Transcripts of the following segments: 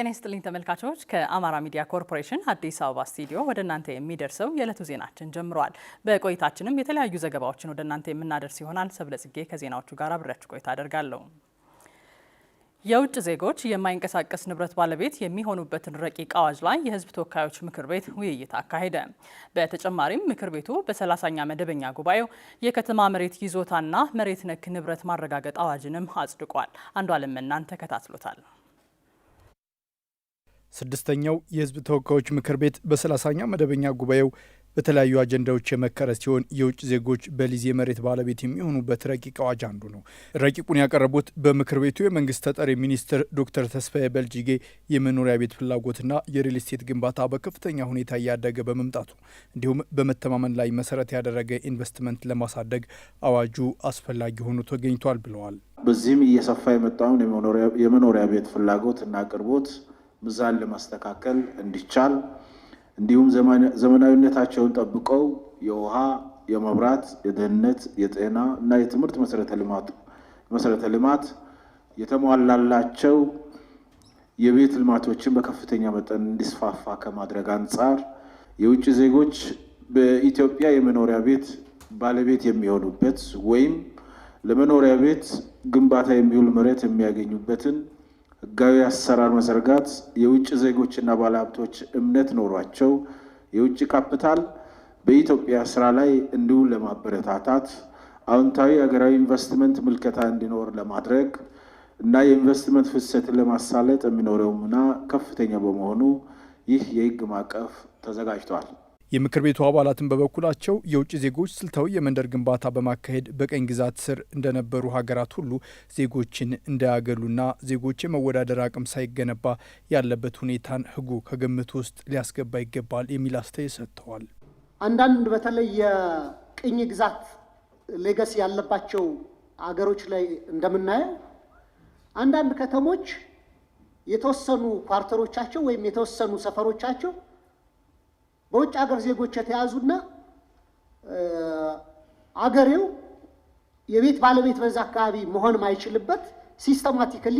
ጤና ይስጥልኝ ተመልካቾች፣ ከአማራ ሚዲያ ኮርፖሬሽን አዲስ አበባ ስቱዲዮ ወደ እናንተ የሚደርሰው የዕለቱ ዜናችን ጀምረዋል። በቆይታችንም የተለያዩ ዘገባዎችን ወደ እናንተ የምናደርስ ይሆናል። ሰብለጽጌ ከዜናዎቹ ጋር አብሬያችሁ ቆይታ አደርጋለሁ። የውጭ ዜጎች የማይንቀሳቀስ ንብረት ባለቤት የሚሆኑበትን ረቂቅ አዋጅ ላይ የሕዝብ ተወካዮች ምክር ቤት ውይይት አካሄደ። በተጨማሪም ምክር ቤቱ በሰላሳኛ መደበኛ ጉባኤው የከተማ መሬት ይዞታና መሬት ነክ ንብረት ማረጋገጥ አዋጅንም አጽድቋል። አንዷለም እናንተ ተከታትሎታል። ስድስተኛው የህዝብ ተወካዮች ምክር ቤት በሰላሳኛ መደበኛ ጉባኤው በተለያዩ አጀንዳዎች የመከረ ሲሆን የውጭ ዜጎች በሊዝ የመሬት ባለቤት የሚሆኑበት ረቂቅ አዋጅ አንዱ ነው። ረቂቁን ያቀረቡት በምክር ቤቱ የመንግስት ተጠሪ ሚኒስትር ዶክተር ተስፋዬ በልጅጌ የመኖሪያ ቤት ፍላጎትና የሪል ስቴት ግንባታ በከፍተኛ ሁኔታ እያደገ በመምጣቱ እንዲሁም በመተማመን ላይ መሰረት ያደረገ ኢንቨስትመንት ለማሳደግ አዋጁ አስፈላጊ ሆኖ ተገኝቷል ብለዋል። በዚህም እየሰፋ የመጣውን የመኖሪያ ቤት ፍላጎት እና አቅርቦት ምዛን ለማስተካከል እንዲቻል እንዲሁም ዘመናዊነታቸውን ጠብቀው የውሃ፣ የመብራት፣ የደህንነት፣ የጤና እና የትምህርት መሰረተ ልማት የተሟላላቸው የቤት ልማቶችን በከፍተኛ መጠን እንዲስፋፋ ከማድረግ አንጻር የውጭ ዜጎች በኢትዮጵያ የመኖሪያ ቤት ባለቤት የሚሆኑበት ወይም ለመኖሪያ ቤት ግንባታ የሚውል መሬት የሚያገኙበትን ህጋዊ አሰራር መዘርጋት የውጭ ዜጎችና ባለሀብቶች እምነት ኖሯቸው የውጭ ካፒታል በኢትዮጵያ ስራ ላይ እንዲሁም ለማበረታታት አዎንታዊ ሀገራዊ ኢንቨስትመንት ምልከታ እንዲኖር ለማድረግ እና የኢንቨስትመንት ፍሰትን ለማሳለጥ የሚኖረው ሚና ከፍተኛ በመሆኑ ይህ የህግ ማዕቀፍ ተዘጋጅቷል። የምክር ቤቱ አባላትን በበኩላቸው የውጭ ዜጎች ስልታዊ የመንደር ግንባታ በማካሄድ በቀኝ ግዛት ስር እንደነበሩ ሀገራት ሁሉ ዜጎችን እንዳያገሉና ዜጎች የመወዳደር አቅም ሳይገነባ ያለበት ሁኔታን ህጉ ከግምት ውስጥ ሊያስገባ ይገባል የሚል አስተያየት ሰጥተዋል። አንዳንድ በተለይ የቅኝ ግዛት ሌገስ ያለባቸው አገሮች ላይ እንደምናየው አንዳንድ ከተሞች የተወሰኑ ኳርተሮቻቸው ወይም የተወሰኑ ሰፈሮቻቸው በውጭ ሀገር ዜጎች የተያዙና አገሬው የቤት ባለቤት በዛ አካባቢ መሆን ማይችልበት ሲስተማቲካሊ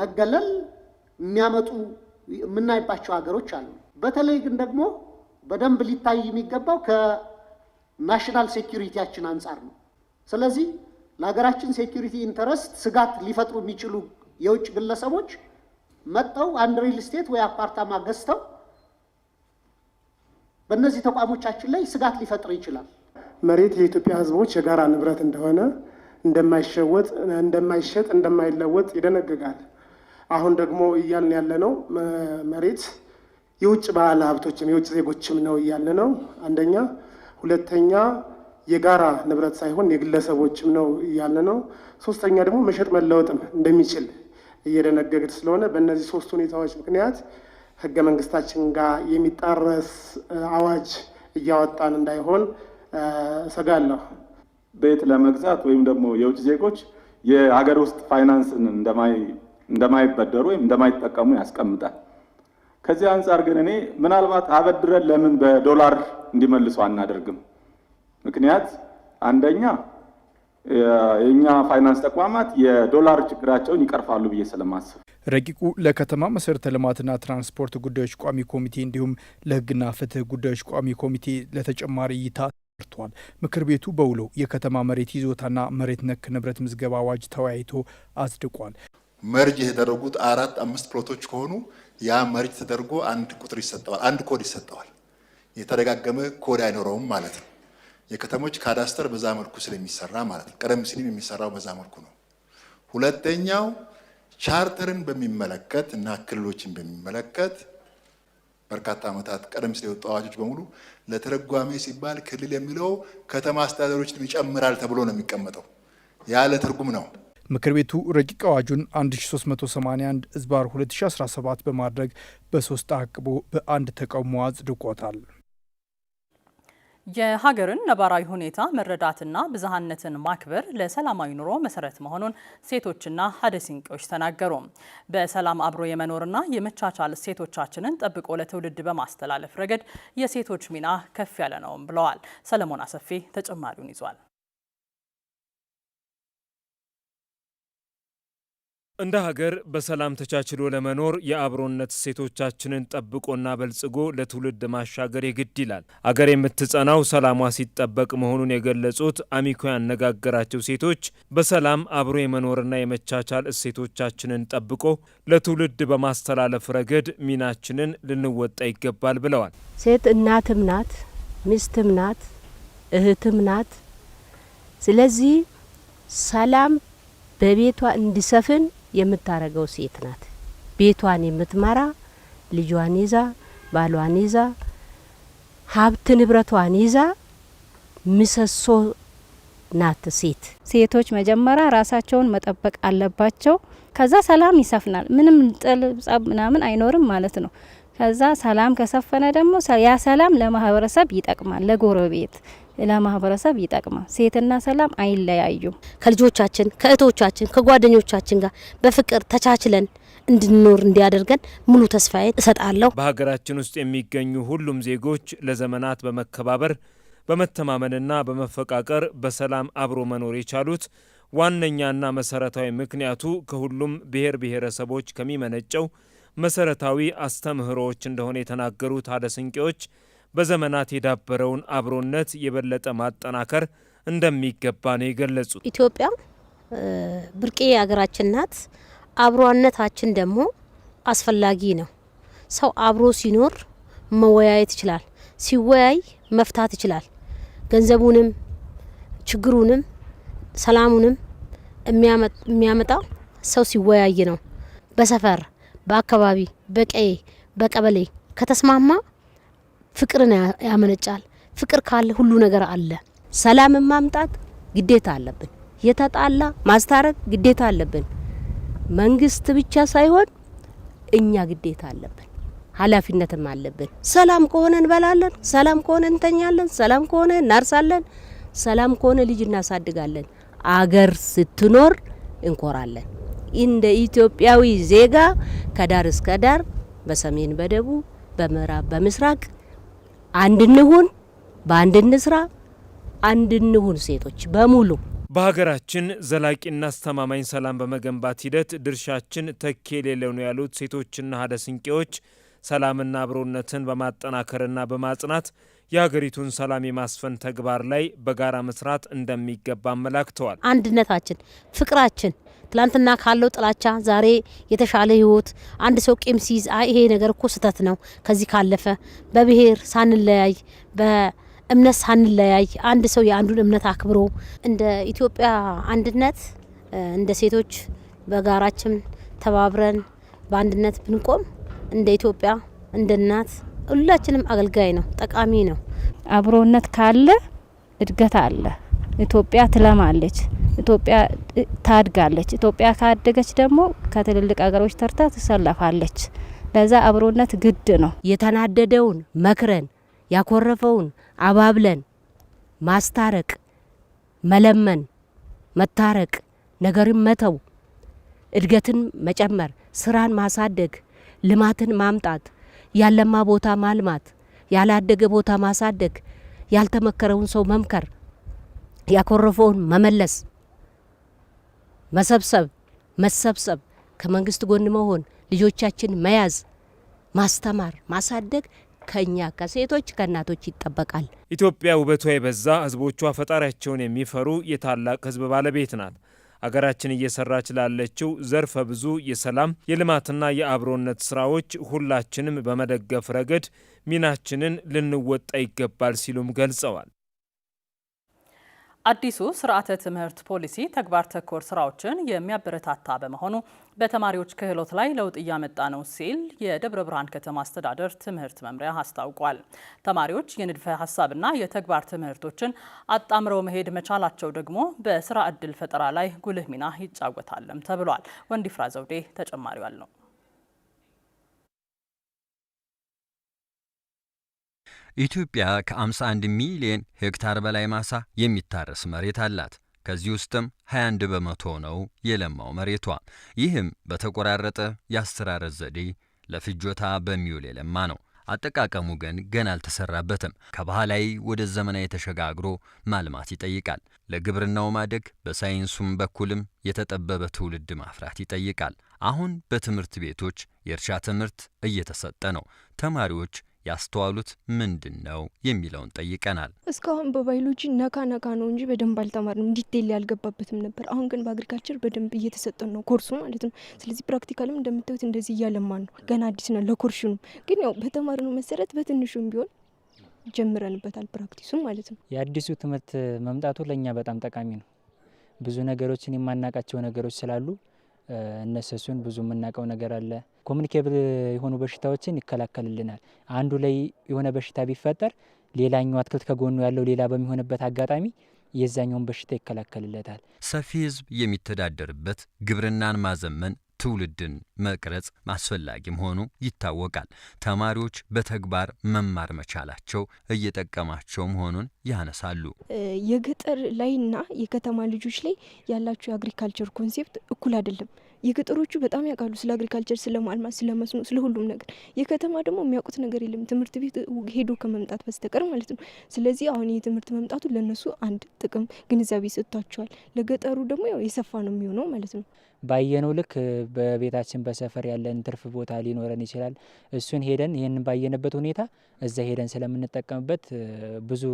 መገለል የሚያመጡ የምናይባቸው ሀገሮች አሉ። በተለይ ግን ደግሞ በደንብ ሊታይ የሚገባው ከናሽናል ሴኪሪቲያችን አንጻር ነው። ስለዚህ ለሀገራችን ሴኪሪቲ ኢንተረስት ስጋት ሊፈጥሩ የሚችሉ የውጭ ግለሰቦች መጠው አንድ ሪል ስቴት ወይ አፓርታማ ገዝተው በእነዚህ ተቋሞቻችን ላይ ስጋት ሊፈጥር ይችላል። መሬት የኢትዮጵያ ሕዝቦች የጋራ ንብረት እንደሆነ እንደማይሸወጥ፣ እንደማይሸጥ፣ እንደማይለወጥ ይደነግጋል። አሁን ደግሞ እያልን ነው መሬት የውጭ ባለ ሀብቶችም የውጭ ዜጎችም ነው እያለ ነው አንደኛ። ሁለተኛ የጋራ ንብረት ሳይሆን የግለሰቦችም ነው እያለ ነው። ሶስተኛ ደግሞ መሸጥ መለወጥም እንደሚችል እየደነገግድ ስለሆነ በእነዚህ ሶስት ሁኔታዎች ምክንያት ህገ መንግስታችን ጋር የሚጣረስ አዋጅ እያወጣን እንዳይሆን እሰጋለሁ። ቤት ለመግዛት ወይም ደግሞ የውጭ ዜጎች የሀገር ውስጥ ፋይናንስን እንደማይበደሩ ወይም እንደማይጠቀሙ ያስቀምጣል። ከዚህ አንጻር ግን እኔ ምናልባት አበድረን ለምን በዶላር እንዲመልሱ አናደርግም? ምክንያት አንደኛ የእኛ ፋይናንስ ተቋማት የዶላር ችግራቸውን ይቀርፋሉ ብዬ ስለማስብ ረቂቁ ለከተማ መሰረተ ልማትና ትራንስፖርት ጉዳዮች ቋሚ ኮሚቴ እንዲሁም ለሕግና ፍትህ ጉዳዮች ቋሚ ኮሚቴ ለተጨማሪ እይታ ተርቷል። ምክር ቤቱ በውሎ የከተማ መሬት ይዞታና መሬት ነክ ንብረት ምዝገባ አዋጅ ተወያይቶ አጽድቋል። መርጅ የተደረጉት አራት አምስት ፕሎቶች ከሆኑ ያ መርጅ ተደርጎ አንድ ቁጥር ይሰጠዋል፣ አንድ ኮድ ይሰጠዋል። የተደጋገመ ኮድ አይኖረውም ማለት ነው። የከተሞች ካዳስተር በዛ መልኩ ስለሚሰራ ማለት ነው። ቀደም ሲልም የሚሰራው በዛ መልኩ ነው። ሁለተኛው ቻርተርን በሚመለከት እና ክልሎችን በሚመለከት በርካታ ዓመታት ቀደም ሲል የወጡ አዋጆች በሙሉ ለተረጓሚ ሲባል ክልል የሚለው ከተማ አስተዳደሮችን ይጨምራል ተብሎ ነው የሚቀመጠው። ያለ ትርጉም ነው። ምክር ቤቱ ረቂቅ አዋጁን 1381 ዝባር 2017 በማድረግ በሶስት አቅቦ በአንድ ተቃውሞ አጽድቆታል። የሀገርን ነባራዊ ሁኔታ መረዳትና ብዝሃነትን ማክበር ለሰላማዊ ኑሮ መሰረት መሆኑን ሴቶችና ሲንቄዎች ተናገሩ። በሰላም አብሮ የመኖርና የመቻቻል ሴቶቻችንን ጠብቆ ለትውልድ በማስተላለፍ ረገድ የሴቶች ሚና ከፍ ያለ ነውም ብለዋል። ሰለሞን አሰፌ ተጨማሪውን ይዟል። እንደ ሀገር በሰላም ተቻችሎ ለመኖር የአብሮነት እሴቶቻችንን ጠብቆና በልጽጎ ለትውልድ ማሻገር የግድ ይላል። አገር የምትጸናው ሰላሟ ሲጠበቅ መሆኑን የገለጹት አሚኮ ያነጋገራቸው ሴቶች በሰላም አብሮ የመኖርና የመቻቻል እሴቶቻችንን ጠብቆ ለትውልድ በማስተላለፍ ረገድ ሚናችንን ልንወጣ ይገባል ብለዋል። ሴት እናትም ናት፣ ሚስትም ናት፣ እህትም ናት። ስለዚህ ሰላም በቤቷ እንዲሰፍን የምታረገው ሴት ናት። ቤቷን የምትመራ ልጇን ይዛ ባሏን ይዛ ሀብት ንብረቷን ይዛ ምሰሶ ናት ሴት። ሴቶች መጀመሪያ ራሳቸውን መጠበቅ አለባቸው። ከዛ ሰላም ይሰፍናል። ምንም ጥል ጸብ ምናምን አይኖርም ማለት ነው። ከዛ ሰላም ከሰፈነ ደግሞ ያ ሰላም ለማህበረሰብ ይጠቅማል፣ ለጎረቤት ለማህበረሰብ ይጠቅማል። ሴትና ሰላም አይለያዩም። ከልጆቻችን ከእህቶቻችን፣ ከጓደኞቻችን ጋር በፍቅር ተቻችለን እንድንኖር እንዲያደርገን ሙሉ ተስፋዬን እሰጣለሁ። በሀገራችን ውስጥ የሚገኙ ሁሉም ዜጎች ለዘመናት በመከባበር በመተማመንና በመፈቃቀር በሰላም አብሮ መኖር የቻሉት ዋነኛና መሰረታዊ ምክንያቱ ከሁሉም ብሔር ብሔረሰቦች ከሚመነጨው መሰረታዊ አስተምህሮዎች እንደሆነ የተናገሩት ሀደስንቄዎች በዘመናት የዳበረውን አብሮነት የበለጠ ማጠናከር እንደሚገባ ነው የገለጹት። ኢትዮጵያ ብርቅዬ ሀገራችን ናት። አብሮነታችን ደግሞ አስፈላጊ ነው። ሰው አብሮ ሲኖር መወያየት ይችላል። ሲወያይ መፍታት ይችላል። ገንዘቡንም ችግሩንም ሰላሙንም የሚያመጣው ሰው ሲወያይ ነው። በሰፈር፣ በአካባቢ፣ በቀዬ፣ በቀበሌ ከተስማማ ፍቅርን ያመነጫል። ፍቅር ካለ ሁሉ ነገር አለ። ሰላምን ማምጣት ግዴታ አለብን። የተጣላ ማስታረቅ ግዴታ አለብን። መንግስት ብቻ ሳይሆን እኛ ግዴታ አለብን፣ ኃላፊነትም አለብን። ሰላም ከሆነ እንበላለን፣ ሰላም ከሆነ እንተኛለን፣ ሰላም ከሆነ እናርሳለን፣ ሰላም ከሆነ ልጅ እናሳድጋለን። አገር ስትኖር እንኮራለን። እንደ ኢትዮጵያዊ ዜጋ ከዳር እስከ ዳር በሰሜን፣ በደቡብ፣ በምዕራብ፣ በምስራቅ አንድ እንሁን፣ በአንድ እንስራ፣ አንድ ሴቶች በሙሉ። በሀገራችን ዘላቂና አስተማማኝ ሰላም በመገንባት ሂደት ድርሻችን ተኪ የሌለው ነው ያሉት ሴቶችና ሀደ ስንቄዎች ሰላምና አብሮነትን በማጠናከርና በማጽናት የሀገሪቱን ሰላም የማስፈን ተግባር ላይ በጋራ መስራት እንደሚገባ አመላክተዋል። አንድነታችን፣ ፍቅራችን ትላንትና ካለው ጥላቻ ዛሬ የተሻለ ህይወት። አንድ ሰው ቂም ሲይዝ አይ ይሄ ነገር እኮ ስህተት ነው፣ ከዚህ ካለፈ በብሔር ሳንለያይ በእምነት ሳንለያይ አንድ ሰው የአንዱን እምነት አክብሮ እንደ ኢትዮጵያ አንድነት እንደ ሴቶች በጋራችን ተባብረን በአንድነት ብንቆም እንደ ኢትዮጵያ እንደ እናት ሁላችንም አገልጋይ ነው፣ ጠቃሚ ነው። አብሮነት ካለ እድገት አለ፣ ኢትዮጵያ ትለማለች። ኢትዮጵያ ታድጋለች። ኢትዮጵያ ካደገች ደግሞ ከትልልቅ ሀገሮች ተርታ ትሰለፋለች። ለዛ አብሮነት ግድ ነው። የተናደደውን መክረን ያኮረፈውን አባብለን ማስታረቅ፣ መለመን፣ መታረቅ፣ ነገርን መተው፣ እድገትን መጨመር፣ ስራን ማሳደግ፣ ልማትን ማምጣት፣ ያለማ ቦታ ማልማት፣ ያላደገ ቦታ ማሳደግ፣ ያልተመከረውን ሰው መምከር፣ ያኮረፈውን መመለስ መሰብሰብ፣ መሰብሰብ፣ ከመንግስት ጎን መሆን፣ ልጆቻችን መያዝ፣ ማስተማር፣ ማሳደግ ከኛ ከሴቶች ከእናቶች ይጠበቃል። ኢትዮጵያ ውበቷ የበዛ ህዝቦቿ ፈጣሪያቸውን የሚፈሩ የታላቅ ህዝብ ባለቤት ናት። አገራችን እየሰራች ላለችው ዘርፈ ብዙ የሰላም የልማትና የአብሮነት ስራዎች ሁላችንም በመደገፍ ረገድ ሚናችንን ልንወጣ ይገባል ሲሉም ገልጸዋል። አዲሱ ስርዓተ ትምህርት ፖሊሲ ተግባር ተኮር ስራዎችን የሚያበረታታ በመሆኑ በተማሪዎች ክህሎት ላይ ለውጥ እያመጣ ነው ሲል የደብረ ብርሃን ከተማ አስተዳደር ትምህርት መምሪያ አስታውቋል። ተማሪዎች የንድፈ ሀሳብና የተግባር ትምህርቶችን አጣምረው መሄድ መቻላቸው ደግሞ በስራ እድል ፈጠራ ላይ ጉልህ ሚና ይጫወታልም ተብሏል። ወንዲፍራ ዘውዴ ተጨማሪዋል ነው ኢትዮጵያ ከ51 ሚሊዮን ሄክታር በላይ ማሳ የሚታረስ መሬት አላት። ከዚህ ውስጥም 21 በመቶ ነው የለማው መሬቷ። ይህም በተቆራረጠ የአስተራረስ ዘዴ ለፍጆታ በሚውል የለማ ነው። አጠቃቀሙ ግን ገና አልተሰራበትም። ከባህላዊ ወደ ዘመናዊ ተሸጋግሮ ማልማት ይጠይቃል። ለግብርናው ማደግ በሳይንሱም በኩልም የተጠበበ ትውልድ ማፍራት ይጠይቃል። አሁን በትምህርት ቤቶች የእርሻ ትምህርት እየተሰጠ ነው። ተማሪዎች ያስተዋሉት ምንድን ነው የሚለውን ጠይቀናል። እስካሁን በባዮሎጂ ነካ ነካ ነው እንጂ በደንብ አልተማርንም፣ ዲቴል ያልገባበትም ነበር። አሁን ግን በአግሪካልቸር በደንብ እየተሰጠን ነው ኮርሱ ማለት ነው። ስለዚህ ፕራክቲካልም እንደምታዩት እንደዚህ እያለማን ነው። ገና አዲስ ነን ለኮርሽኑ። ግን ያው በተማርነው መሰረት በትንሹም ቢሆን ጀምረንበታል፣ ፕራክቲሱ ማለት ነው። የአዲሱ ትምህርት መምጣቱ ለእኛ በጣም ጠቃሚ ነው። ብዙ ነገሮችን የማናቃቸው ነገሮች ስላሉ እነሰሱን ብዙ የምናውቀው ነገር አለ ኮሚኒኬብል የሆኑ በሽታዎችን ይከላከልልናል። አንዱ ላይ የሆነ በሽታ ቢፈጠር ሌላኛው አትክልት ከጎኑ ያለው ሌላ በሚሆንበት አጋጣሚ የዛኛውን በሽታ ይከላከልለታል። ሰፊ ህዝብ የሚተዳደርበት ግብርናን ማዘመን ትውልድን መቅረጽ አስፈላጊ መሆኑ ይታወቃል። ተማሪዎች በተግባር መማር መቻላቸው እየጠቀማቸው መሆኑን ያነሳሉ። የገጠር ላይና የከተማ ልጆች ላይ ያላቸው የአግሪካልቸር ኮንሴፕት እኩል አይደለም። የገጠሮቹ በጣም ያውቃሉ ስለ አግሪካልቸር፣ ስለ ማልማት፣ ስለ መስኖ፣ ስለ ሁሉም ነገር። የከተማ ደግሞ የሚያውቁት ነገር የለም ትምህርት ቤት ሄዶ ከመምጣት በስተቀር ማለት ነው። ስለዚህ አሁን የትምህርት መምጣቱ ለእነሱ አንድ ጥቅም ግንዛቤ ሰጥቷቸዋል። ለገጠሩ ደግሞ ያው የሰፋ ነው የሚሆነው ማለት ነው። ባየነው ልክ በቤታችን በሰፈር ያለን ትርፍ ቦታ ሊኖረን ይችላል። እሱን ሄደን ይህንን ባየንበት ሁኔታ እዛ ሄደን ስለምንጠቀምበት ብዙ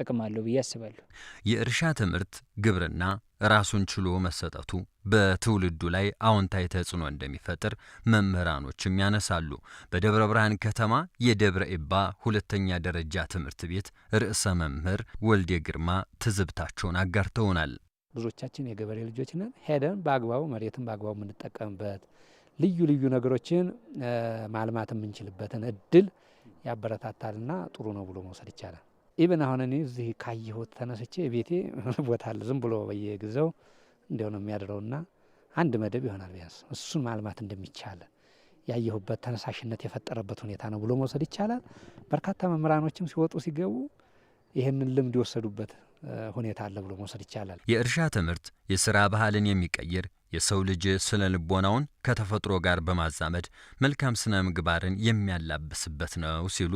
ጥቅም አለው ብዬ አስባለሁ። የእርሻ ትምህርት ግብርና ራሱን ችሎ መሰጠቱ በትውልዱ ላይ አዎንታዊ ተጽዕኖ እንደሚፈጥር መምህራኖችም ያነሳሉ። በደብረ ብርሃን ከተማ የደብረ ኤባ ሁለተኛ ደረጃ ትምህርት ቤት ርዕሰ መምህር ወልዴ ግርማ ትዝብታቸውን አጋርተውናል። ብዙዎቻችን የገበሬ ልጆች ነን። ሄደን በአግባቡ መሬትን በአግባቡ የምንጠቀምበት ልዩ ልዩ ነገሮችን ማልማት የምንችልበትን እድል ያበረታታልና ጥሩ ነው ብሎ መውሰድ ይቻላል። ኢብን አሁን እኔ እዚህ ካየሁት ተነስቼ ቤቴ ቦታ አለ። ዝም ብሎ በየጊዜው እንዲያው ነው የሚያድረውና አንድ መደብ ይሆናል ቢያንስ እሱን ማልማት እንደሚቻል ያየሁበት ተነሳሽነት የፈጠረበት ሁኔታ ነው ብሎ መውሰድ ይቻላል። በርካታ መምህራኖችም ሲወጡ ሲገቡ ይህንን ልምድ የወሰዱበት ሁኔታ አለ ብሎ መውሰድ ይቻላል። የእርሻ ትምህርት የስራ ባህልን የሚቀይር የሰው ልጅ ስነ ልቦናውን ከተፈጥሮ ጋር በማዛመድ መልካም ስነ ምግባርን የሚያላብስበት ነው ሲሉ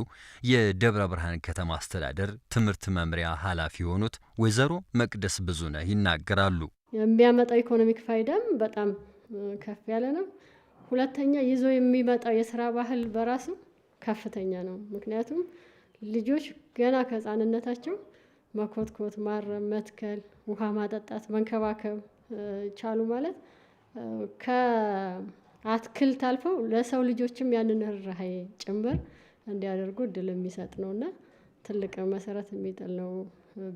የደብረ ብርሃን ከተማ አስተዳደር ትምህርት መምሪያ ኃላፊ የሆኑት ወይዘሮ መቅደስ ብዙነህ ይናገራሉ። የሚያመጣው ኢኮኖሚክ ፋይዳም በጣም ከፍ ያለ ነው። ሁለተኛ ይዞ የሚመጣው የስራ ባህል በራሱ ከፍተኛ ነው። ምክንያቱም ልጆች ገና ከህፃንነታቸው መኮትኮት፣ ማረም፣ መትከል፣ ውሃ ማጠጣት፣ መንከባከብ ቻሉ ማለት ከአትክልት አልፈው ለሰው ልጆችም ያንን ርኅራኄ ጭምር እንዲያደርጉ እድል የሚሰጥ ነው እና ትልቅ መሰረት የሚጥል ነው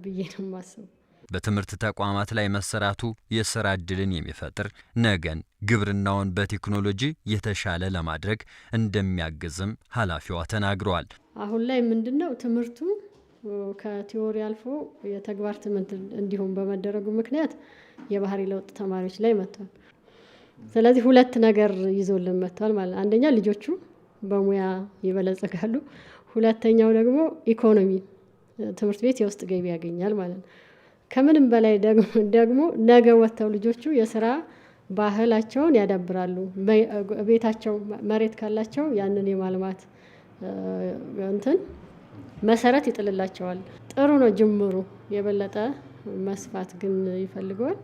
ብዬ ነው የማስበው። በትምህርት ተቋማት ላይ መሰራቱ የስራ እድልን የሚፈጥር ነገን ግብርናውን በቴክኖሎጂ የተሻለ ለማድረግ እንደሚያግዝም ኃላፊዋ ተናግረዋል። አሁን ላይ ምንድን ነው ትምህርቱ ከቲዎሪ አልፎ የተግባር ትምህርት እንዲሁም በመደረጉ ምክንያት የባህሪ ለውጥ ተማሪዎች ላይ መጥቷል። ስለዚህ ሁለት ነገር ይዞልን መጥቷል ማለት አንደኛ ልጆቹ በሙያ ይበለጸጋሉ፣ ሁለተኛው ደግሞ ኢኮኖሚ ትምህርት ቤት የውስጥ ገቢ ያገኛል ማለት ነው። ከምንም በላይ ደግሞ ነገ ወጥተው ልጆቹ የስራ ባህላቸውን ያዳብራሉ። ቤታቸው መሬት ካላቸው ያንን የማልማት እንትን መሰረት ይጥልላቸዋል። ጥሩ ነው ጅምሩ። የበለጠ መስፋት ግን ይፈልገዋል።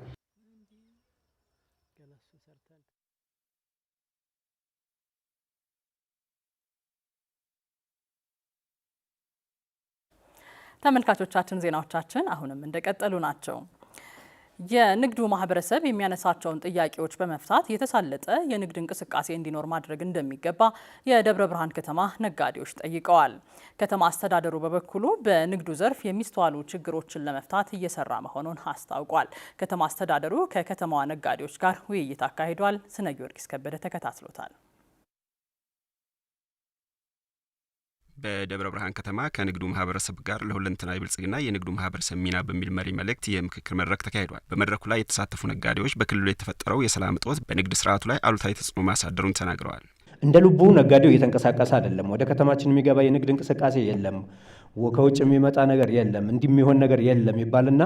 ተመልካቾቻችን ዜናዎቻችን አሁንም እንደቀጠሉ ናቸው። የንግዱ ማህበረሰብ የሚያነሳቸውን ጥያቄዎች በመፍታት የተሳለጠ የንግድ እንቅስቃሴ እንዲኖር ማድረግ እንደሚገባ የደብረ ብርሃን ከተማ ነጋዴዎች ጠይቀዋል። ከተማ አስተዳደሩ በበኩሉ በንግዱ ዘርፍ የሚስተዋሉ ችግሮችን ለመፍታት እየሰራ መሆኑን አስታውቋል። ከተማ አስተዳደሩ ከከተማዋ ነጋዴዎች ጋር ውይይት አካሂዷል። ስነ ጊዮርጊስ ከበደ ተከታትሎታል። በደብረ ብርሃን ከተማ ከንግዱ ማህበረሰብ ጋር ለሁለንተናዊ ብልጽግና የንግዱ ማህበረሰብ ሚና በሚል መሪ መልእክት የምክክር መድረክ ተካሂዷል። በመድረኩ ላይ የተሳተፉ ነጋዴዎች በክልሉ የተፈጠረው የሰላም እጦት በንግድ ስርዓቱ ላይ አሉታዊ ተጽዕኖ ማሳደሩን ተናግረዋል። እንደ ልቡ ነጋዴው እየተንቀሳቀሰ አይደለም። ወደ ከተማችን የሚገባ የንግድ እንቅስቃሴ የለም፣ ከውጭ የሚመጣ ነገር የለም፣ እንዲህ የሚሆን ነገር የለም ይባልና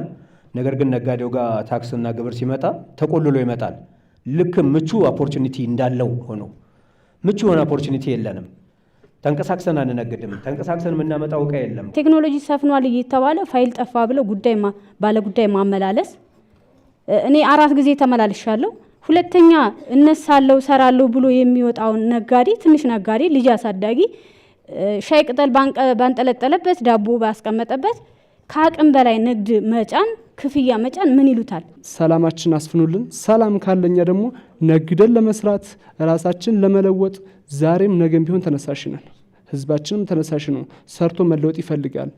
ነገር ግን ነጋዴው ጋር ታክስና ግብር ሲመጣ ተቆልሎ ይመጣል። ልክ ምቹ ኦፖርቹኒቲ እንዳለው ሆኖ ምቹ የሆነ ኦፖርቹኒቲ የለንም። ተንቀሳቅሰን አንነግድም። ተንቀሳቅሰን የምናመጣው እቃ የለም። ቴክኖሎጂ ሰፍኗል እየተባለ ፋይል ጠፋ ብለው ጉዳይ ባለጉዳይ ማመላለስ እኔ አራት ጊዜ ተመላልሻለሁ። ሁለተኛ እነሳለሁ ሰራለሁ ብሎ የሚወጣውን ነጋዴ ትንሽ ነጋዴ ልጅ አሳዳጊ ሻይ ቅጠል ባንጠለጠለበት ዳቦ ባስቀመጠበት ከአቅም በላይ ንግድ መጫን ክፍያ መጫን ምን ይሉታል? ሰላማችን አስፍኑልን። ሰላም ካለኛ ደግሞ ነግደን ለመስራት ራሳችን ለመለወጥ ዛሬም ነገም ቢሆን ተነሳሽ ነን። ህዝባችንም ተነሳሽ ነው፣ ሰርቶ መለወጥ ይፈልጋል።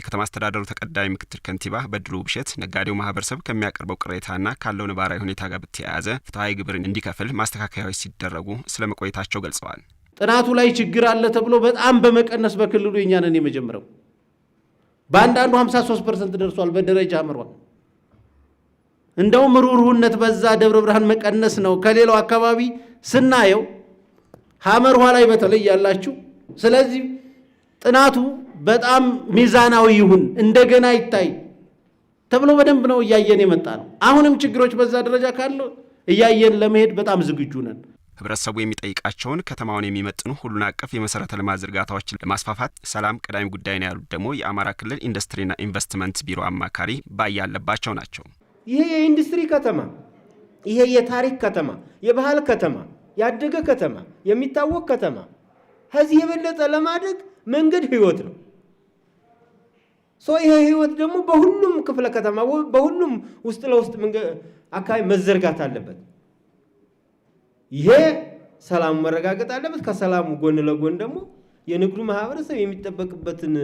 የከተማ አስተዳደሩ ተቀዳሚ ምክትል ከንቲባ በድሉ ብሸት ነጋዴው ማህበረሰብ ከሚያቀርበው ቅሬታና ካለው ነባራዊ ሁኔታ ጋር በተያያዘ ፍትሐዊ ግብርን እንዲከፍል ማስተካከያዎች ሲደረጉ ስለ መቆየታቸው ገልጸዋል። ጥናቱ ላይ ችግር አለ ተብሎ በጣም በመቀነስ በክልሉ የኛንን የመጀመሪያው በአንዳንዱ 53 ፐርሰንት ደርሷል። በደረጃ አምሯል። እንደውም ሩህሩህነት በዛ ደብረ ብርሃን መቀነስ ነው ከሌላው አካባቢ ስናየው ሐመር ውሃ ላይ በተለይ ያላችሁ። ስለዚህ ጥናቱ በጣም ሚዛናዊ ይሁን እንደገና ይታይ ተብሎ በደንብ ነው እያየን የመጣ ነው። አሁንም ችግሮች በዛ ደረጃ ካለ እያየን ለመሄድ በጣም ዝግጁ ነን። ህብረተሰቡ የሚጠይቃቸውን ከተማውን የሚመጥኑ ሁሉን አቀፍ የመሰረተ ልማት ዝርጋታዎችን ለማስፋፋት ሰላም ቀዳሚ ጉዳይ ነው ያሉት ደግሞ የአማራ ክልል ኢንዱስትሪና ኢንቨስትመንት ቢሮ አማካሪ አለባቸው ናቸው። ይሄ የኢንዱስትሪ ከተማ፣ ይሄ የታሪክ ከተማ፣ የባህል ከተማ፣ ያደገ ከተማ፣ የሚታወቅ ከተማ ከዚህ የበለጠ ለማደግ መንገድ ህይወት ነው። ሶ ይሄ ህይወት ደግሞ በሁሉም ክፍለ ከተማ፣ በሁሉም ውስጥ ለውስጥ አካባቢ መዘርጋት አለበት። ይሄ ሰላሙ መረጋገጥ አለበት። ከሰላሙ ጎን ለጎን ደግሞ የንግዱ ማህበረሰብ የሚጠበቅበትን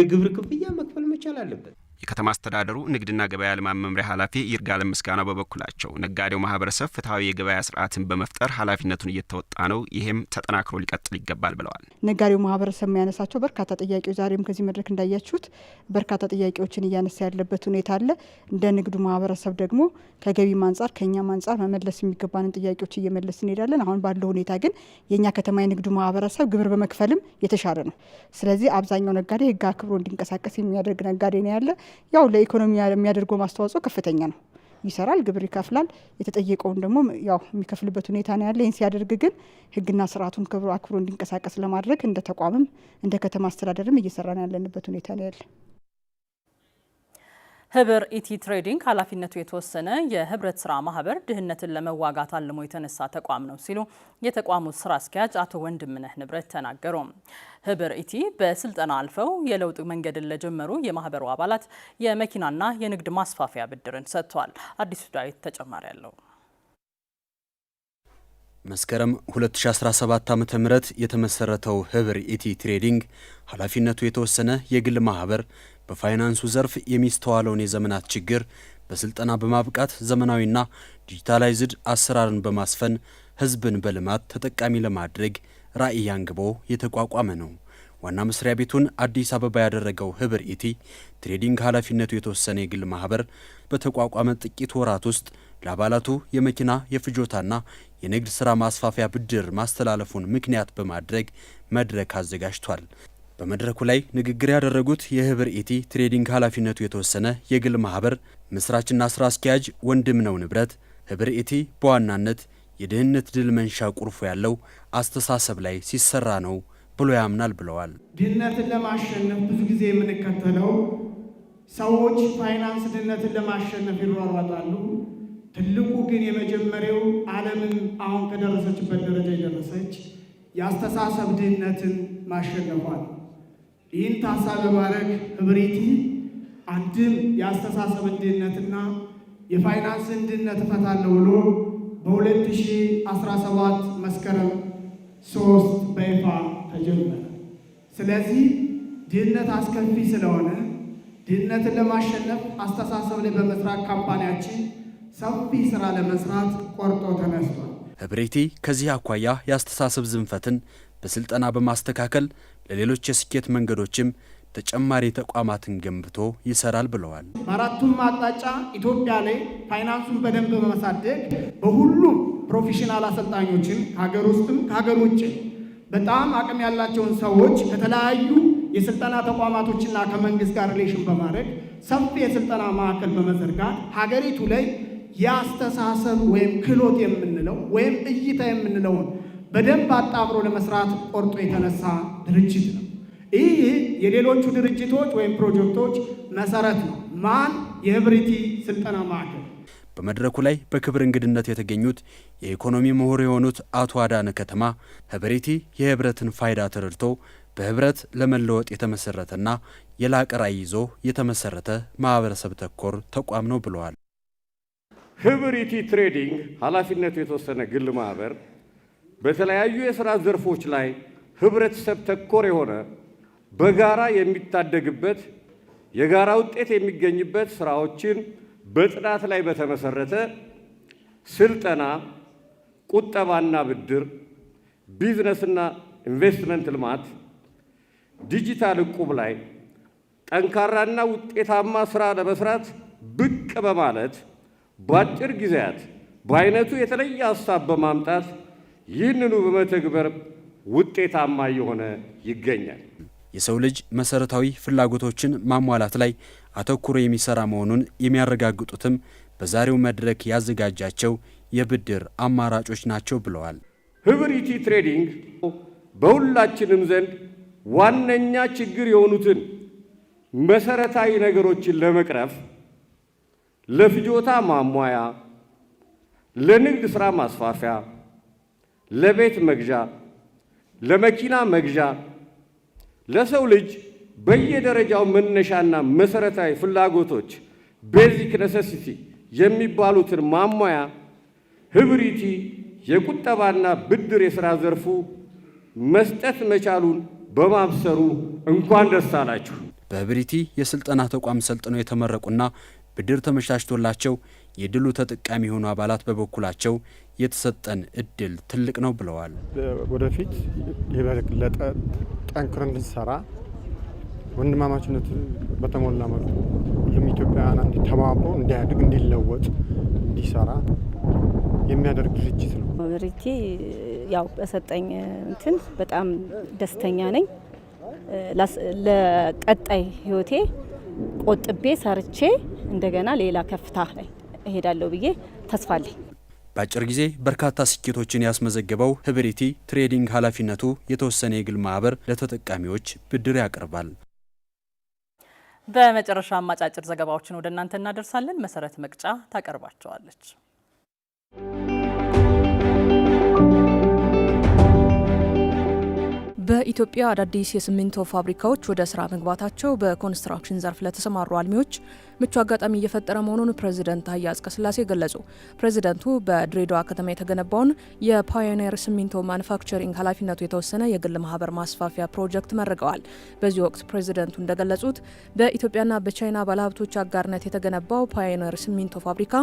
የግብር ክፍያ መክፈል መቻል አለበት። የከተማ አስተዳደሩ ንግድና ገበያ ልማት መምሪያ ኃላፊ ይርጋለም ምስጋናው በበኩላቸው ነጋዴው ማህበረሰብ ፍትሐዊ የገበያ ስርዓትን በመፍጠር ኃላፊነቱን እየተወጣ ነው፣ ይህም ተጠናክሮ ሊቀጥል ይገባል ብለዋል። ነጋዴው ማህበረሰብ የሚያነሳቸው በርካታ ጥያቄዎች ዛሬም ከዚህ መድረክ እንዳያችሁት በርካታ ጥያቄዎችን እያነሳ ያለበት ሁኔታ አለ። እንደ ንግዱ ማህበረሰብ ደግሞ ከገቢም አንጻር ከእኛም አንጻር መመለስ የሚገባንን ጥያቄዎች እየመለስ እንሄዳለን። አሁን ባለው ሁኔታ ግን የእኛ ከተማ የንግዱ ማህበረሰብ ግብር በመክፈልም የተሻለ ነው። ስለዚህ አብዛኛው ነጋዴ ህግ አክብሮ እንዲንቀሳቀስ የሚያደርግ ነጋዴ ነው ያለ ያው ለኢኮኖሚ የሚያደርገው ማስተዋጽኦ ከፍተኛ ነው። ይሰራል፣ ግብር ይከፍላል። የተጠየቀውን ደግሞ ያው የሚከፍልበት ሁኔታ ነው ያለ። ይህን ሲያደርግ ግን ህግና ስርዓቱን ክብሮ አክብሮ እንዲንቀሳቀስ ለማድረግ እንደ ተቋምም እንደ ከተማ አስተዳደርም እየሰራን ያለንበት ሁኔታ ነው ያለ። ህብር ኢቲ ትሬዲንግ ኃላፊነቱ የተወሰነ የህብረት ስራ ማህበር ድህነትን ለመዋጋት አልሞ የተነሳ ተቋም ነው ሲሉ የተቋሙ ስራ አስኪያጅ አቶ ወንድምነህ ንብረት ተናገሩ። ህብር ኢቲ በስልጠና አልፈው የለውጥ መንገድን ለጀመሩ የማህበሩ አባላት የመኪናና የንግድ ማስፋፊያ ብድርን ሰጥቷል። አዲሱ ዳዊት ተጨማሪ አለው። መስከረም 2017 ዓ.ም የተመሰረተው ህብር ኢቲ ትሬዲንግ ኃላፊነቱ የተወሰነ የግል ማህበር በፋይናንሱ ዘርፍ የሚስተዋለውን የዘመናት ችግር በስልጠና በማብቃት ዘመናዊና ዲጂታላይዝድ አሰራርን በማስፈን ህዝብን በልማት ተጠቃሚ ለማድረግ ራዕይ አንግቦ የተቋቋመ ነው። ዋና መስሪያ ቤቱን አዲስ አበባ ያደረገው ህብር ኢቲ ትሬዲንግ ኃላፊነቱ የተወሰነ የግል ማህበር በተቋቋመ ጥቂት ወራት ውስጥ ለአባላቱ የመኪና የፍጆታና የንግድ ሥራ ማስፋፊያ ብድር ማስተላለፉን ምክንያት በማድረግ መድረክ አዘጋጅቷል። በመድረኩ ላይ ንግግር ያደረጉት የህብር ኢቲ ትሬዲንግ ኃላፊነቱ የተወሰነ የግል ማህበር መስራችና ስራ አስኪያጅ ወንድም ነው ንብረት ህብር ኢቲ በዋናነት የድህነት ድል መንሻ ቁልፉ ያለው አስተሳሰብ ላይ ሲሰራ ነው ብሎ ያምናል ብለዋል። ድህነትን ለማሸነፍ ብዙ ጊዜ የምንከተለው ሰዎች ፋይናንስ ድህነትን ለማሸነፍ ይሯሯጣሉ። ትልቁ ግን የመጀመሪያው ዓለምን አሁን ከደረሰችበት ደረጃ የደረሰች የአስተሳሰብ ድህነትን ማሸነፏል። ይህን ታሳቢ በማድረግ ህብሪት አንድም የአስተሳሰብ እንድነትና የፋይናንስ እንድነት እፈታለሁ ብሎ በ2017 መስከረም ሶስት በይፋ ተጀመረ። ስለዚህ ድህነት አስከፊ ስለሆነ ድህነትን ለማሸነፍ አስተሳሰብ ላይ በመስራት ካምፓኒያችን ሰፊ ስራ ለመስራት ቆርጦ ተነስቷል። ህብሬቲ ከዚህ አኳያ የአስተሳሰብ ዝንፈትን በስልጠና በማስተካከል ለሌሎች የስኬት መንገዶችም ተጨማሪ ተቋማትን ገንብቶ ይሰራል ብለዋል። በአራቱም አቅጣጫ ኢትዮጵያ ላይ ፋይናንሱን በደንብ በማሳደግ በሁሉም ፕሮፌሽናል አሰልጣኞችን ከሀገር ውስጥም ከሀገር ውጭ በጣም አቅም ያላቸውን ሰዎች ከተለያዩ የስልጠና ተቋማቶችና ከመንግስት ጋር ሪሌሽን በማድረግ ሰፊ የስልጠና ማዕከል በመዘርጋት ሀገሪቱ ላይ የአስተሳሰብ ወይም ክህሎት የምንለው ወይም እይታ የምንለውን በደንብ አጣምሮ ለመስራት ቆርጦ የተነሳ ድርጅት ነው። ይህ የሌሎቹ ድርጅቶች ወይም ፕሮጀክቶች መሰረት ነው። ማን የህብሪቲ ስልጠና ማዕከል በመድረኩ ላይ በክብር እንግድነት የተገኙት የኢኮኖሚ ምሁር የሆኑት አቶ አዳነ ከተማ ህብሪቲ የህብረትን ፋይዳ ተረድቶ በህብረት ለመለወጥ የተመሰረተና የላቀ ራዕይ ይዞ የተመሰረተ ማህበረሰብ ተኮር ተቋም ነው ብለዋል። ህብሪቲ ትሬዲንግ ኃላፊነቱ የተወሰነ ግል ማህበር በተለያዩ የሥራ ዘርፎች ላይ ህብረተሰብ ተኮር የሆነ በጋራ የሚታደግበት የጋራ ውጤት የሚገኝበት ስራዎችን በጥናት ላይ በተመሰረተ ስልጠና፣ ቁጠባና ብድር፣ ቢዝነስና ኢንቨስትመንት ልማት፣ ዲጂታል ዕቁብ ላይ ጠንካራና ውጤታማ ስራ ለመስራት ብቅ በማለት በአጭር ጊዜያት በአይነቱ የተለየ ሀሳብ በማምጣት ይህንኑ በመተግበር ውጤታማ እየሆነ ይገኛል። የሰው ልጅ መሰረታዊ ፍላጎቶችን ማሟላት ላይ አተኩሮ የሚሰራ መሆኑን የሚያረጋግጡትም በዛሬው መድረክ ያዘጋጃቸው የብድር አማራጮች ናቸው ብለዋል። ህብሪቲ ትሬዲንግ በሁላችንም ዘንድ ዋነኛ ችግር የሆኑትን መሰረታዊ ነገሮችን ለመቅረፍ ለፍጆታ ማሟያ፣ ለንግድ ሥራ ማስፋፊያ ለቤት መግዣ፣ ለመኪና መግዣ፣ ለሰው ልጅ በየደረጃው መነሻና መሰረታዊ ፍላጎቶች ቤዚክ ነሰሲቲ የሚባሉትን ማሟያ ህብሪቲ የቁጠባና ብድር የሥራ ዘርፉ መስጠት መቻሉን በማብሰሩ እንኳን ደስ አላችሁ። በህብሪቲ የሥልጠና ተቋም ሰልጥነው የተመረቁና ብድር ተመቻችቶላቸው የድሉ ተጠቃሚ የሆኑ አባላት በበኩላቸው የተሰጠን እድል ትልቅ ነው ብለዋል። ወደፊት የበለጠ ጠንክረን እንድንሰራ ወንድማማችነት በተሞላ መልኩ ሁሉም ኢትዮጵያውያን አንድ ተባብሮ እንዲያድግ፣ እንዲለወጥ፣ እንዲሰራ የሚያደርግ ድርጅት ነው። ድርጅቴ ያው በሰጠኝ እንትን በጣም ደስተኛ ነኝ። ለቀጣይ ህይወቴ ቆጥቤ ሰርቼ እንደገና ሌላ ከፍታ ላይ እሄዳለሁ ብዬ ተስፋ አለኝ። በአጭር ጊዜ በርካታ ስኬቶችን ያስመዘገበው ህብሪቲ ትሬዲንግ ኃላፊነቱ የተወሰነ የግል ማህበር ለተጠቃሚዎች ብድር ያቀርባል። በመጨረሻም አጫጭር ዘገባዎችን ወደ እናንተ እናደርሳለን። መሰረት መቅጫ ታቀርባቸዋለች። በኢትዮጵያ አዳዲስ የሲሚንቶ ፋብሪካዎች ወደ ስራ መግባታቸው በኮንስትራክሽን ዘርፍ ለተሰማሩ አልሚዎች ምቹ አጋጣሚ እየፈጠረ መሆኑን ፕሬዚደንት ታዬ አጽቀሥላሴ ገለጹ። ፕሬዚደንቱ በድሬዳዋ ከተማ የተገነባውን የፓዮኒር ሲሚንቶ ማኑፋክቸሪንግ ኃላፊነቱ የተወሰነ የግል ማህበር ማስፋፊያ ፕሮጀክት መርቀዋል። በዚህ ወቅት ፕሬዚደንቱ እንደገለጹት በኢትዮጵያና በቻይና ባለሀብቶች አጋርነት የተገነባው ፓዮኒር ሲሚንቶ ፋብሪካ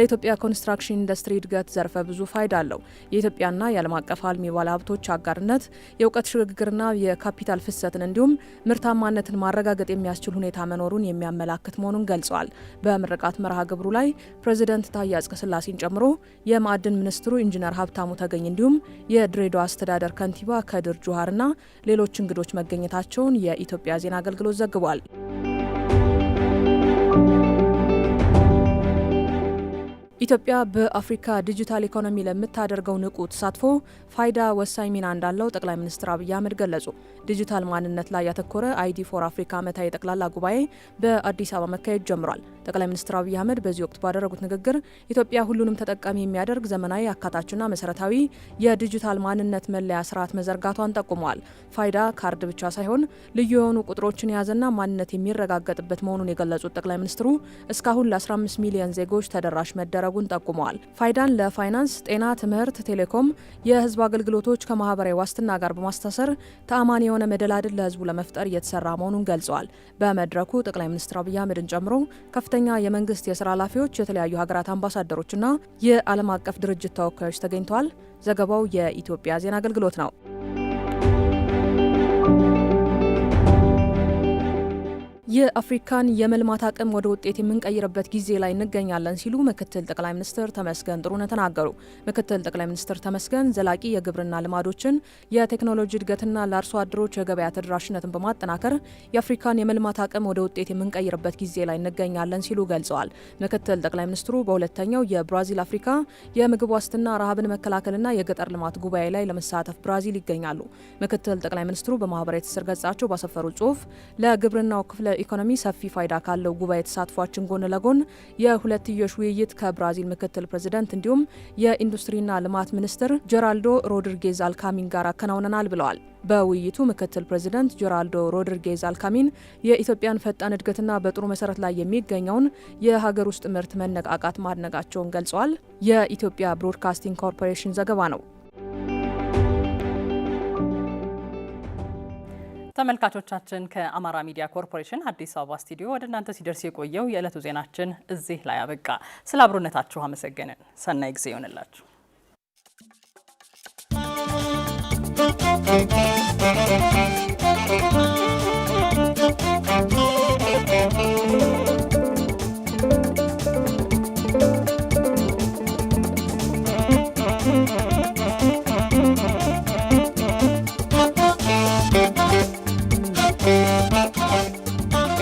ለኢትዮጵያ ኮንስትራክሽን ኢንዱስትሪ እድገት ዘርፈ ብዙ ፋይዳ አለው። የኢትዮጵያና የዓለም አቀፍ አልሚ ባለሀብቶች አጋርነት የእውቀት ሽግግርና የካፒታል ፍሰትን እንዲሁም ምርታማነትን ማረጋገጥ የሚያስችል ሁኔታ መኖሩን የሚያመላክት መሆኑን ገልጸዋል። ገልጿል። በምርቃት መርሃ ግብሩ ላይ ፕሬዚደንት ታዬ አጽቀሥላሴን ጨምሮ የማዕድን ሚኒስትሩ ኢንጂነር ሀብታሙ ተገኝ እንዲሁም የድሬዳዋ አስተዳደር ከንቲባ ከድር ጁሃርና ሌሎች እንግዶች መገኘታቸውን የኢትዮጵያ ዜና አገልግሎት ዘግቧል። ኢትዮጵያ በአፍሪካ ዲጂታል ኢኮኖሚ ለምታደርገው ንቁ ተሳትፎ ፋይዳ ወሳኝ ሚና እንዳለው ጠቅላይ ሚኒስትር አብይ አህመድ ገለጹ። ዲጂታል ማንነት ላይ ያተኮረ አይዲ ፎር አፍሪካ ዓመታዊ ጠቅላላ ጉባኤ በአዲስ አበባ መካሄድ ጀምሯል። ጠቅላይ ሚኒስትር አብይ አህመድ በዚህ ወቅት ባደረጉት ንግግር ኢትዮጵያ ሁሉንም ተጠቃሚ የሚያደርግ ዘመናዊ አካታችና መሰረታዊ የዲጂታል ማንነት መለያ ስርዓት መዘርጋቷን ጠቁመዋል። ፋይዳ ካርድ ብቻ ሳይሆን ልዩ የሆኑ ቁጥሮችን የያዘና ማንነት የሚረጋገጥበት መሆኑን የገለጹት ጠቅላይ ሚኒስትሩ እስካሁን ለ15 ሚሊዮን ዜጎች ተደራሽ መደረጉ ማቅረቡን ጠቁመዋል። ፋይዳን ለፋይናንስ፣ ጤና፣ ትምህርት፣ ቴሌኮም፣ የህዝብ አገልግሎቶች ከማህበራዊ ዋስትና ጋር በማስታሰር ተአማኒ የሆነ መደላድል ለህዝቡ ለመፍጠር እየተሰራ መሆኑን ገልጸዋል። በመድረኩ ጠቅላይ ሚኒስትር አብይ አህመድን ጨምሮ ከፍተኛ የመንግስት የስራ ኃላፊዎች፣ የተለያዩ ሀገራት አምባሳደሮችና የዓለም አቀፍ ድርጅት ተወካዮች ተገኝተዋል። ዘገባው የኢትዮጵያ ዜና አገልግሎት ነው። የአፍሪካን የመልማት አቅም ወደ ውጤት የምንቀይርበት ጊዜ ላይ እንገኛለን ሲሉ ምክትል ጠቅላይ ሚኒስትር ተመስገን ጥሩነህ ተናገሩ። ምክትል ጠቅላይ ሚኒስትር ተመስገን ዘላቂ የግብርና ልማዶችን፣ የቴክኖሎጂ እድገትና ለአርሶ አደሮች የገበያ ተደራሽነትን በማጠናከር የአፍሪካን የመልማት አቅም ወደ ውጤት የምንቀይርበት ጊዜ ላይ እንገኛለን ሲሉ ገልጸዋል። ምክትል ጠቅላይ ሚኒስትሩ በሁለተኛው የብራዚል አፍሪካ የምግብ ዋስትና ረሃብን መከላከልና የገጠር ልማት ጉባኤ ላይ ለመሳተፍ ብራዚል ይገኛሉ። ምክትል ጠቅላይ ሚኒስትሩ በማህበራዊ ትስስር ገጻቸው ባሰፈሩ ጽሁፍ ለግብርናው ክፍለ ኢኮኖሚ ሰፊ ፋይዳ ካለው ጉባኤ ተሳትፏችን ጎን ለጎን የሁለትዮሽ ውይይት ከብራዚል ምክትል ፕሬዚደንት እንዲሁም የኢንዱስትሪና ልማት ሚኒስትር ጀራልዶ ሮድሪጌዝ አልካሚን ጋር አከናውነናል ብለዋል። በውይይቱ ምክትል ፕሬዚደንት ጀራልዶ ሮድሪጌዝ አልካሚን የኢትዮጵያን ፈጣን እድገትና በጥሩ መሰረት ላይ የሚገኘውን የሀገር ውስጥ ምርት መነቃቃት ማድነቃቸውን ገልጸዋል። የኢትዮጵያ ብሮድካስቲንግ ኮርፖሬሽን ዘገባ ነው። ተመልካቾቻችን ከአማራ ሚዲያ ኮርፖሬሽን አዲስ አበባ ስቱዲዮ ወደ እናንተ ሲደርስ የቆየው የዕለቱ ዜናችን እዚህ ላይ አበቃ። ስለ አብሮነታችሁ አመሰገንን። ሰናይ ጊዜ ይሆንላችሁ።